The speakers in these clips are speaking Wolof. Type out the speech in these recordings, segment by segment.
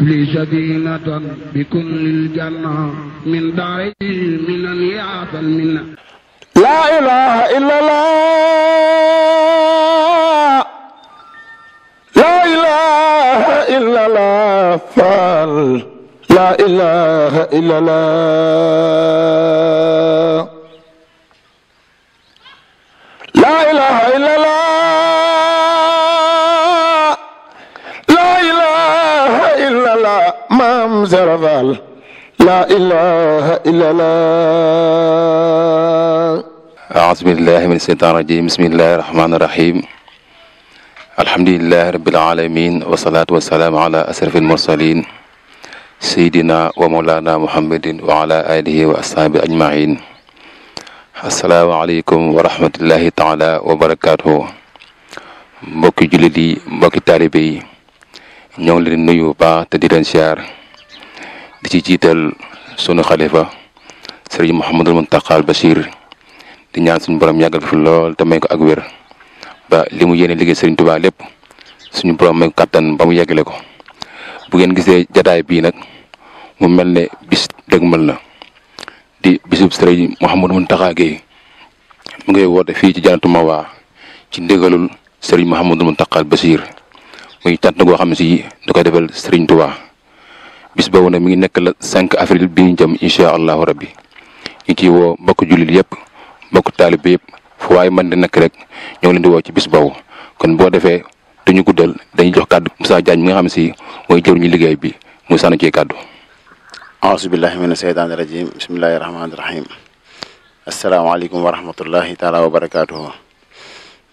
لي سكينة بكل الجنة من داري من يعطى المنة لا إله إلا الله لا إله إلا الله فال لا إله إلا الله لا إله إلا الله maam Serafal laa ilaaha illallah. aùzu billaahi mina sheytaani rajiim bismillaahi rahmaani rahiim. alhamdulillaahi rabbil aalamiin wasalaatu wasalaam ala asrafil mursaliin sayyidina wa mawlaana muhammadin wa ala aalihi wa asxaabi ajmaïn. asalaamaaleykum wa rahmatullaahi taala wa barakaatuhu. mbokki jullit yi mbokki taalibe yi. ñoo ngi leen nuyu baax te di leen siyaar di ci jiital sunu xalifa sëriñ Mouhamadul Mountakha basiir di ñaan suñu borom yàggal fi lool te may ko ak wér ba li mu yéene liggéey sëriñ Tuubaa lépp suñu borom may ko kàttan ba mu yeggale ko bu ngeen gisee jataay bii nag mu mel ne bis dëgmal na di bisub sëriñ Mouhamadul Mountakha Gueye mu ngay woote fii ci janatu Mawa ci ndigalul sëriñ Mouhamadul Mountakha Bachir muy cant goo xam ne si da koy defal Serigne Touba bis boobu nag mi ngi nekk la 5 avril biñu ñu jëm incha allahu rabbi ngi ciy woo mbokk jullit yëpp mbokk taalib yëpp fu waaye mën di nekk rek ñoo leen di woo ci bis boobu kon boo defee duñu guddal dañuy jox kàddu Moussa Diagne mi nga xam si mooy jëwriñu liggéey bi muy sànni ci kàddu. aùzu billahi mina seytaani rajim bismillahi rahmaani rahim asalaamaaleykum wa rahmatullahi taala wa barakaatuhu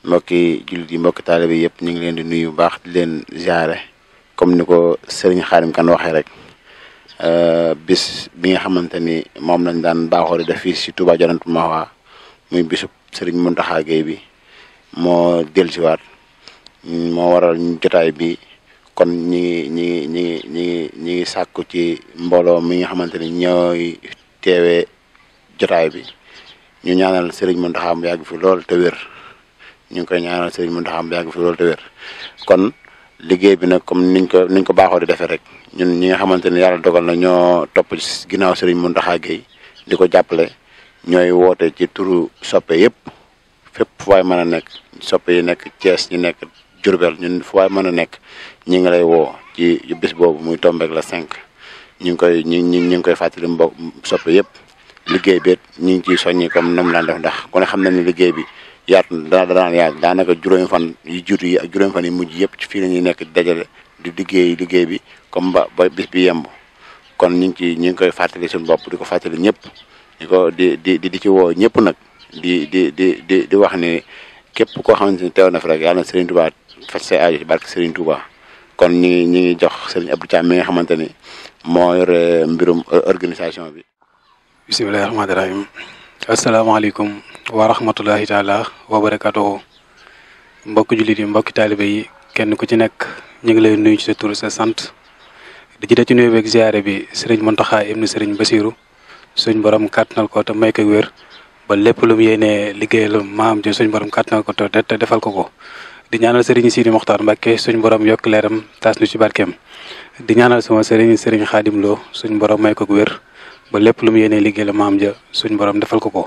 mbokki jullit yi mbokki taalibe bi yëpp ñu ngi leen di nuyu bu baax leen ziare comme ni ko sëriñ Xaadim Kan waxee rek euh, bis bi nga xamante ni moom lañ daan baaxoo di def fii si Touba Dianantou Mahwa muy bisub sëriñ Mountakha Guèye bi moo dellusiwaat moo waral jotaay bi kon ñi ngi ñi ngi ñi ngi ñi ngi sàkku ci mbooloo mi nga xamante ni ñooy teewee jotaay bi ñu ñaanal sëriñ ndaxa mu yàgg fi lool te wér ñu ngi koy ñaanal sëriñ Mountakha mu yàgg fi loolu te wér kon liggéey bi nag comme niñ ko niñ ko baaxoo di defee rek ñun ñi nga xamante ne yàlla dogal na ñoo topp ginnaaw seriñ sëriñ Mountakha Guèye di ko jàppale ñooy woote ci turu soppe yëpp fépp fu waay mën a nekk soppe yi nekk ñu nekk Diourbel ñun fu mën a nekk ñi ngi lay woo ci bis boobu muy tombeek la cinq ñu ngi koy ñu ñu ngi koy fàttali mbokk soppe yëpp liggéey bi ñu ngi ciy soññi comme nam daan def ndax ku xam na ni liggéey bi yaat dana danaan yaatu daanaka juróomi fan yi jiitu yi ak juróomi fan yi mujj yëpp ci fii la ñuy nekk dajale di liggéey liggéey bi comme ba ba bis bi yemb kon ñu ngi ci ñu ngi koy fàttali suñu bopp di ko fàttali ñëpp di ko di di di ci woo ñëpp nag di di di di di wax ni képp ko xamante ni teew na fi rek yàlla na Serigne Touba faj say aajo ci kon ñu ngi ñu ngi jox Serigne Abdou Thiam mi nga xamante ni moo yore mbirum euh, organisation bi. bisimilah rahmaani rahim asalaamaaleykum wa rahmatullahi taala wa barakatuhu mbokki jullit yi mbokki taalibe yi kenn ku ci nekk ñu ngi lay nuyu ci sa tur sa sant di jiite ci nuy beeg ziare bi sëriñ Mountakha ibnu sëriñ Basiru suñ borom kàttanal ko te may ko ba lépp lu mu yéenee maam suñ borom kàttanal ko te te defal ko ko di ñaanal sëriñ Sidi Moxtaar Mbàkke suñ borom yokk leeram taas nu ci di ñaanal sama sëriñ sëriñ Xaadim Lo suñ borom may ko wér ba lépp lu mu yéenee liggéeyal maam ja suñ borom defal ko ko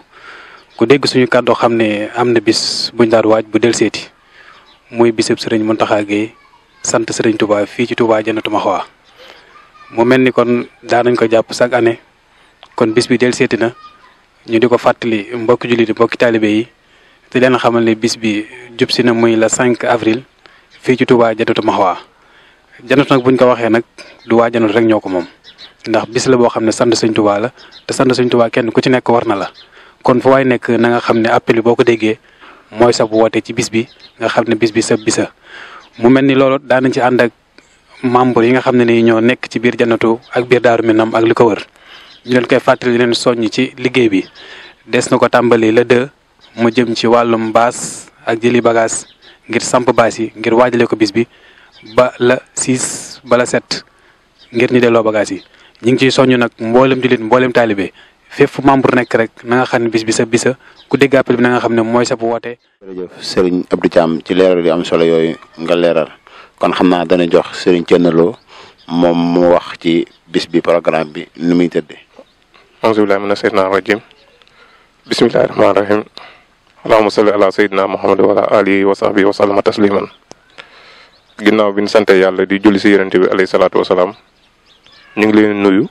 ku dégg suñu kàddoo xam ne am na bis buñ daan waaj bu del seeti muy bisab sëriñ Mountakha Guèye sant sëriñ Touba fii ci Touba Jannatul Mahwa mu mel ni kon daanañ ko jàpp chaque année kon bis bi del seeti na ñu di ko fàttali mbokki jullit mbokki taalibe yi te leen xamal ne bis bi jub si na muy la 5 avril fii ci Touba Jannatul Mahwa jannatu nag buñ ko waxee nag du waa jannatu rek ñoo ko moom ndax bis la boo xam ne sant sëñ Touba la te sant sëñ ku ci nekk war na la kon fu waay nekk na nga xam ne appel bi boo ko déggee mooy sa wootee ci bis bi nga xam ne bis bi sa bisa mu mel ni loolu daanañ ci ànd ak membre yi nga xam ne ni ñoo nekk ci biir jannatu ak biir daaru minam ak li ko wër ñu leen koy fàttali leen soññ ci liggéey bi des na ko tàmbali la deux mu jëm ci wàllum baas ak jëli bagage ngir samp baas yi ngir waajale ko bis bi ba la six ba la sept ngir ñu delloo bagage yi ñu ngi ciy soññ nag mboolem jullit mboolem taalibe fépp fu membre nekk rek na nga xam ne bis bi sa bisa ku dégg appel bi na nga xam ne mooy sa bu wootee. jërëjëf Serigne Abdou Thiam ci leeral yu am solo yooyu nga leeral kon xam naa dana jox Serigne Thierno Lo moom mu wax ci bis bi programme bi nu muy tëddee. auzu billaahi mina sheytaani rajiim bismillaahi rahmaani rahiim allahumma salli ala sayyidina muhammad wa ala alihi wa sahbihi wa sallama tasliman ginnaaw bi ñu sante yàlla di julli si yonent bi alayhi salaatu wa salaam ñu ngi leen nuyu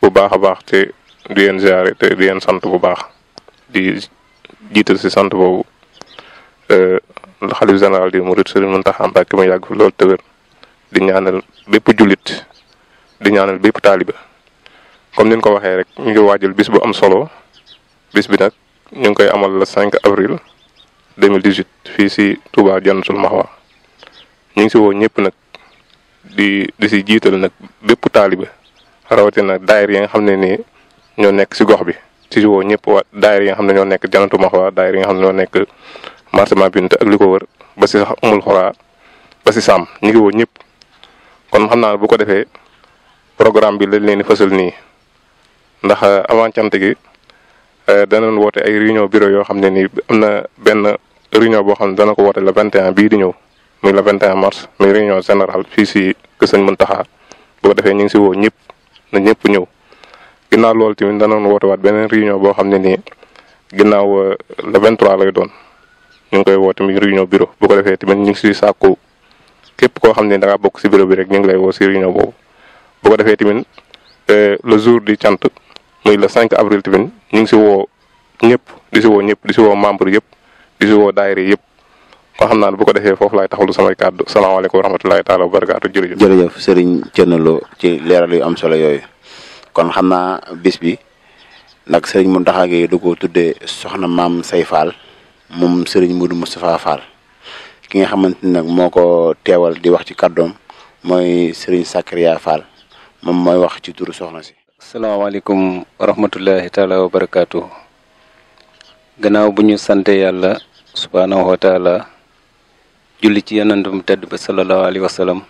bu baax a baax te. du leen ziare te di sant bu baax di jiital si sant boobu euh, xalif général di murit Sëriñ Muntaxa Mbàkke ma yàgg fi loolu te wér di ñaanal bépp jullit di ñaanal bépp taaliba comme nin ko waxee rek ñu ngi waajal bis bu am solo bis bi nag ñu ngi koy amal le 5 avril 2018 fii si Touba Jannatul Mahwa ñu ngi si woo ñëpp nag di di si jiital nag bépp taaliba rawatina daayir yi nga xam ne nii. ñoo nekk si gox bi si woo ñëpp waa daayir yi nga xam ne ñoo nekk janatu maxwa daayir yi nga xam ne ñoo ak li ko wër ba si umul xoraa ba si sàmm ñu ngi woo ñëpp kon xam naa bu ko defee programme bi lañ leen di fësal nii ndax avant cant gi eh, danañ woote ay réunion bureau yoo xam ne ni am na benn réunion boo xam ne dana ko woote le 21 bii di ñëw muy le 21 mars muy réunion générale fii si Kër Sëñ Muntaxa bu ko defee ñu ngi si woo ñëpp na ñëpp ñëw ginnaaw loolu tamit danañ waat beneen réunion boo xam ne nii ginnaaw euh, le 23 lay doon ñu ngi koy woo tamit réunion bureau bu ko defee tamit ñu ngi siy sàkku képp koo xam ne danga bokk si bureau bi rek ñu ngi lay woo si réunion boobu. bu ko defee tamit euh, le jour du cant muy le cinq avril tamit ñu ngi si woo ñëpp di si woo ñëpp di si woo membre yëpp di si woo daayira yëpp. kon xam naa ne ko defee foofu laay taxawlu samay kàddu salaamaaleykum wa rahmatulahi taala wa barakaatu jërëjëf. jërëjëf Serigne Thierno Lo ci leeral yu am solo yooyu. kon xam naa bis bi nag sëriñ Mountakha Gueye da ko tuddee soxna maam say Fall moom sëriñ Modou Moustapha Fall ki nga xamante ni nag moo ko teewal di wax ci kàddoom mooy sëriñ Sakariya Fall moom mooy wax ci turu soxna si. asalaamaaleykum wa rahmatullahi taala wa barakaatu. gannaaw bu ñu sante yàlla subhaanahu wa julli ci yonantum tedd ba sallallahu alayhi wa sallam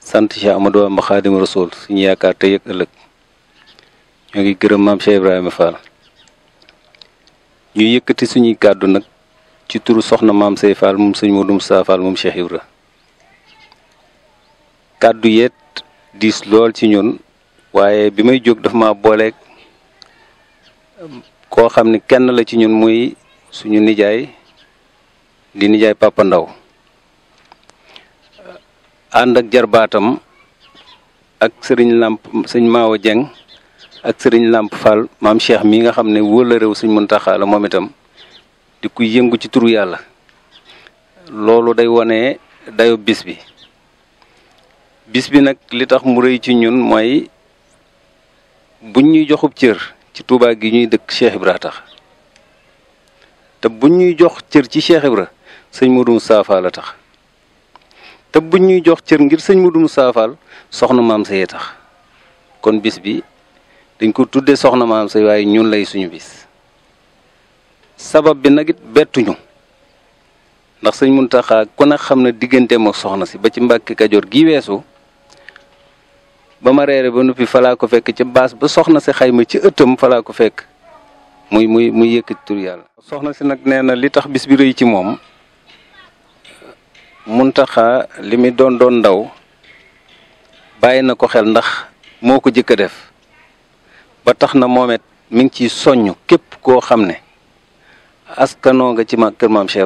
sant Cheikh Amadou Bamba Xaadimu Rasuul suñu yaakaar te ak ëllëg ñoo ngi gërëm maam Cheikh Ibrahima Fall ñu yëkkati suñuy kàddu nag ci turu soxna maam Sey Fall moom sëñ Modou Moustapha Fall moom Cheikh Ibra kàddu yeet diis lool ci ñun waaye bi may jóg daf ma booleeg koo xam ne kenn la ci ñun muy suñu nijaay di nijaay Papa ànd ak jarbaatam ak sëriñ làmp sëñ Maawo Jeng ak sëriñ làmp Fall maam Cheikh mii nga xam ne wóola réew sëñ Muntaxa la moom itam di kuy yëngu ci turu yàlla loolu day wone dayo bis bi bis bi nag li tax mu rëy ci ñun mooy buñ ñuy joxub cër ci Tuubaa gi ñuy dëkk Cheikh Ibra tax te buñ ñuy jox cër ci Cheikh Ibra sëñ Modou Moustapha la tax te buñ ñuy jox cër ngir sëñ Modou Moussa Fall soxna maam sayee tax kon bis bi dañ ko tuddee soxna maam say waaye ñun lay suñu bis sabab bi nag it bettuñu ndax sëñ Muntaxa ku ne xam na digganteem ak soxna si ba ci Mbàkke Kajoor gi weesu ba ma reere ba noppi falaa ko fekk ca baas ba soxna si xayma ci ëttam falaa ko fekk muy muy muy yëkkati tur yàlla soxna si nag nee na li tax bis bi rëy ci moom muntaxa li mi doon doon ndaw bàyyi na ko xel ndax moo ko jëkk a def ba tax na moomet it mi ngi ciy soññ képp koo xam ne askanoo nga ci ma kër maam Cheikh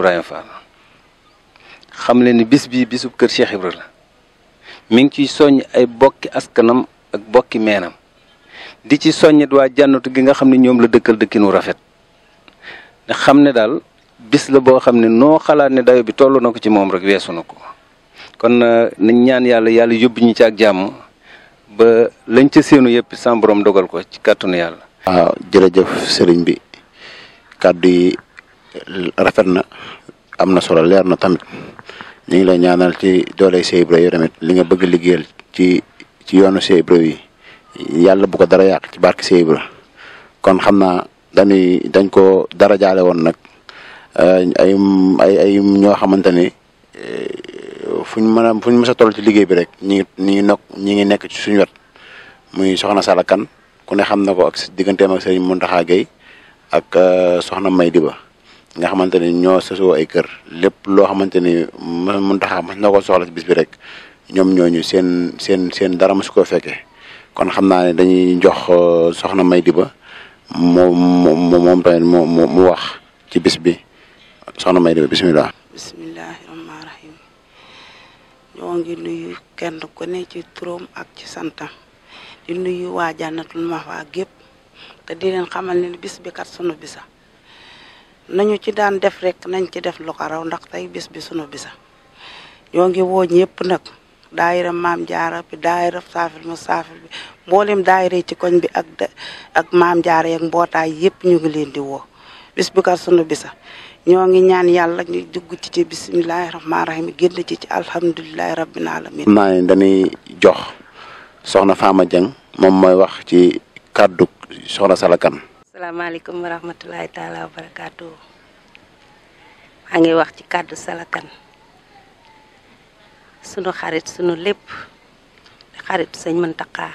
xam leen ni bis bii bisub kër Cheikh Ibra la mi ngi ciy soññ ay bokki askanam ak bokki meenam di ci soññit waa jànnatu gi nga xam ne ñoom la dëkkal dëkkinu rafet ne xam ne daal bis la boo xam ne noo xalaat ne dayo bi toll na ko ci moom rek weesu na ko kon euh, nañ ñaan yàlla yàlla yóbbu ñu ci ak jàmm ba lañ ca seenu yëpp sam dogal ko ci kàttanu yàlla. waaw jërëjëf sëriñ bi kàddu yi rafet na am na solo leer na tamit ñu ngi lay ñaanal ci doole Cheikh Ibra yi tamit li nga bëgg liggéeyal ci ci yoonu Cheikh yi yàlla bu ko dara yàq ci barke Cheikh kon xam naa dañuy dañ ko dara jaale woon nag. ay ay ay ñoo xamante ne eh, fuñ mën a fuñ mës a toll ci liggéey bi rek ñi ngi ñi nokk ñi ngi nekk ci suñu wet muy soxna salakan Kane ku ne xam na ko ak digganteem ak Serigne Mountakha Gueye ak eh, soxna May Diba nga xamante ne ñoo sësoo ay kër lépp loo xamante ni Mountakha mas na ko soxla bis bi rek ñoom ñooñu seen seen seen dara mosu koo fekkee kon xam naa ne dañuy jox eh, soxna May Diba moom moom moom mu wax ci bis bi. soxna may demee bisimilah. bisimilah rahmaani rahiim ñoo ngi nuyu kenn ku ne ci turam ak ci santa di nuyu waa jànnatul mahwa gépp te di leen xamal ne bis bi kat sunu bisa nañu ci daan def rek nañ ci def lu raw ndax tey bis bi sunu bisa ñoo ngi woo yépp nag daayira maam jaara bi daayira saafil mu saafil bi mboolem daayira ci koñ bi ak maam jaara yeeg mbootaay yëpp ñu ngi leen di woo bis bi kat sunu bisa ñoo ngi ñaan yàlla ñu dugg ci ci bisimilahi rahmaani rahim génn ci ci alhamdulilahi rabbil alamin naa ne dañuy jox soxna Fama Dieng moom mooy wax ci kàddu soxna Salakan. asalaamaaleykum wa rahmatulahi taala wa barakaatu wax ci kàddu Salakan sunu xarit sunu lépp xarit sëñ Mountakha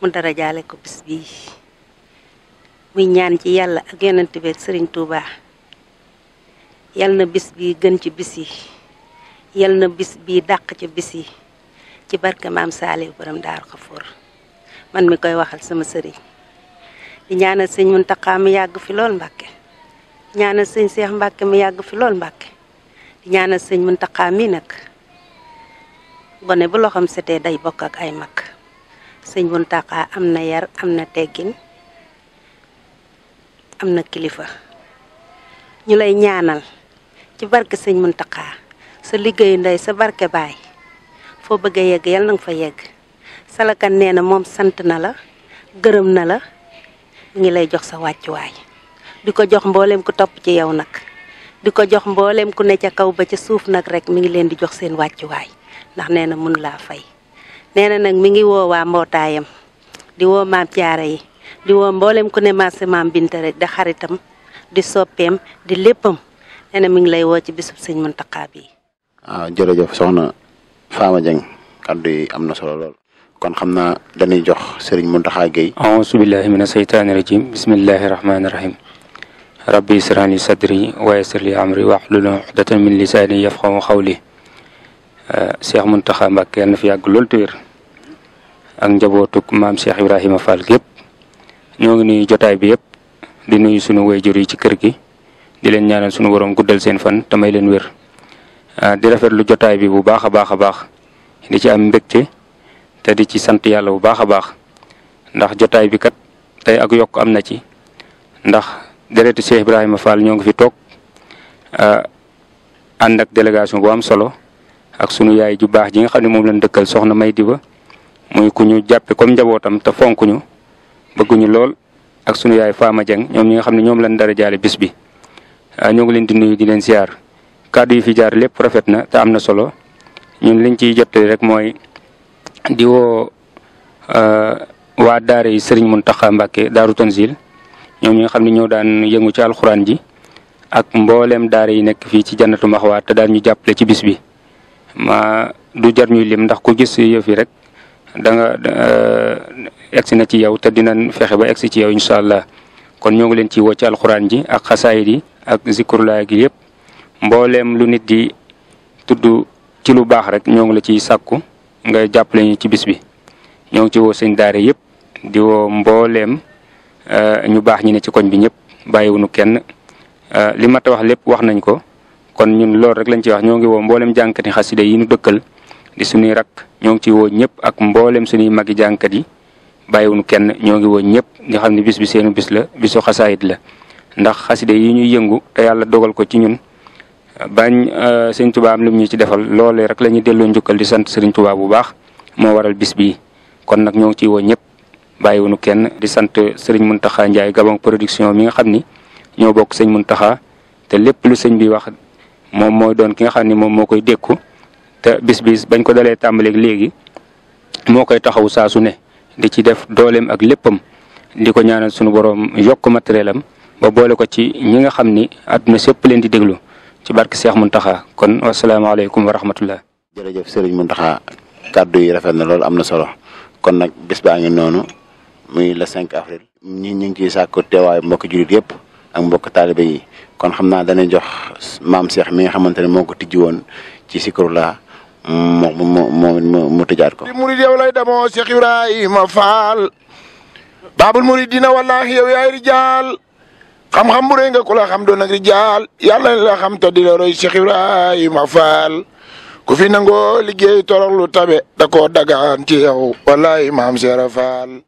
mu dara jaale ko bis bii muy ñaan ci yàlla ak yonent bi Serigne Touba. yal na bis bi gën ci bis yi yal na bis bi dàq ci bis yi ci barke maam Saaliw borom Daaru Xafoor man mi koy waxal sama sëriñ di ñaanal sëñ Muntaxa mi yàgg fi mi yàgg fi lool Mbàkke di ñaanal sëñ Muntaxa mi nag gone bu loxoom setee day bokk ak ay mag sëñ Muntaxa am na yar am na teggin am na kilifa ñu lay ñaanal ci barke sëñ Muntaxa sa liggéeyu ndey sa barke baay foo bëggee a yegg yal na nga fa yegg salakan nee na moom sant na la gërëm na la mu ngi lay jox sa wàccuwaay di ko jox mbooleem ku topp ci yow nag di ko jox mbooleem ku ne ca kaw ba ca suuf nag rek mi ngi leen di jox seen wàccuwaay ndax nee na mun laa fay nee na nag mi ngi woowaa mbootaayam di woo maam jaara yi di woo mbooleem ku ne maase maam Binta rek di xaritam di soppeem di léppam nee na mi ngi lay woo ci bisub sëñ Mountakha bi. waaw ah, jërëjëf soxna Fama Dieng kaddu yi am na solo lool kon xam naa dañuy jox sëriñ Mountakha Guèye. aouzu billahi mina shaytaani rajim bismillahi rahmaani rahim. rabbi israh li sadri wa yassir li amri wahlul uqdatan min lisaani yafqahu qawli. Cheikh Mountakha Mbacké yàlla na fi yàgg lool tuur ak njabootug maam Cheikh Ibrahima Fall gépp ñoo ngi nuyu jotaay bi yëpp di nuyu sunu wayjur yi ci kër gi. di leen ñaanal suñu borom guddal seen fan te may leen wér ah, di rafetlu jotaay bi bu baax a baax a baax di ci am mbégte te di ci sant yàlla bu baax a baax ndax jotaay bi kat tey ak yokk am na ci ndax deretu Cheikh Ibrahima Fall ñoo ngi fi toog ah, ànd ak délégation bu am solo ak sunu yaay ju baax ji nga xam ne moom lañ dëkkal soxna May Diba muy ku ñu jàppe comme njabootam te fonkuñu bëgguñu lool ak sunu yaay Fama Dieng ñoom ñi nga xam ne ñoom lañ dara jaale bis bi. Ah, ñoo ngi leen di nuyu di leen siyaar kàddu yi fi jaar lépp rafet na te am na solo ñun liñ ciy jottali rek mooy di woo ah, waa daara yi Serigne Mountakha Mbacké Daaru Tanzil ñoom ñi xam ne ñoo daan yëngu ci alxuraan ji ak mbooleem daara yi nekk fii ci jannatu maxwaa te daal ñu jàppale ci bis bi ma du jar ñuy lim ndax ku gis yëf yi rek da nga ah, egsi na ci yow te dina fexe ba egsi ci yow incha allah kon ñoo ngi leen ci woo ci alxuraan ji ak xasaayid yi ak zikurulaay gi yëpp mbooleem lu nit di tudd ci lu baax rek ñoo ngi la ciy sàkku nga jàppale ñu ci bis bi ñoo ngi ci woo seen daare yëpp di woo mbooleem euh, ñu baax ñi ne ci koñ bi ñëpp bàyyiwunu kenn euh, li mata a wax lépp wax nañ ko kon ñun loolu rek lañ ci wax ñoo ngi woo mbooleem jànkati xasida yi ñu dëkkal di suñuy rak ñoo ngi ci woo ñëpp ak mbooleem suñuy magi jànkat yi bàyyiwunu kenn ñoo ngi woo ñëpp nga xam ne bis bi seenu bis la bisu xasaayit la ndax xaside yi ñuy yëngu te yàlla dogal ko ci ñun bañ euh, sëñ Tuubaa lum lu ñu ci defal loole rek la ñuy delloo njukkal di sant sëriñ Tuubaa bu baax moo waral bis bii kon nag ñoo ngi ciy woo ñëpp bàyyiwunu kenn di sant sëriñ Muntaxa Njaay Gabon production mi nga xam ni ñoo bokk sëñ taxa te lépp lu sëñ bi wax moom mooy doon ki nga xam ni moom moo koy dékku te bis bañ ko dalee tàmbaleeg léegi moo koy taxaw saa su ne di ci def dooleem ak léppam di ko ñaanal sunu borom yokk matériel am ba boole ko ci ñi nga xam ni àdduna sépp leen di déglu ci barke Seex taxa kon wasalaamaaleykum wa rahmatullah jërëjëf Sëriñ Muntaxa kàddu yi rafet na lool am na solo kon nag bis baa ngi noonu muy le 5 avril ñi ñu ngi ciy sàkku teewaayu mbokki jullit yëpp ak mbokk taalibe yi kon xam naa danañ jox maam seex mi nga xamante ne moo ko tijji woon ci Zikrulaah moo moo moo mu tëjaat ko. murid yow lay demoo Cheikh Ibrahima Fall. Baabul yaay rijaal xam-xam bu rëy nga ku la xam doon ak rijaal yàlla la xam te di la roy Cheikh Ibrahima Fall fi nangoo liggéey toroxlu tabe da koo dagaan ci yow wallahi maam Seera Fall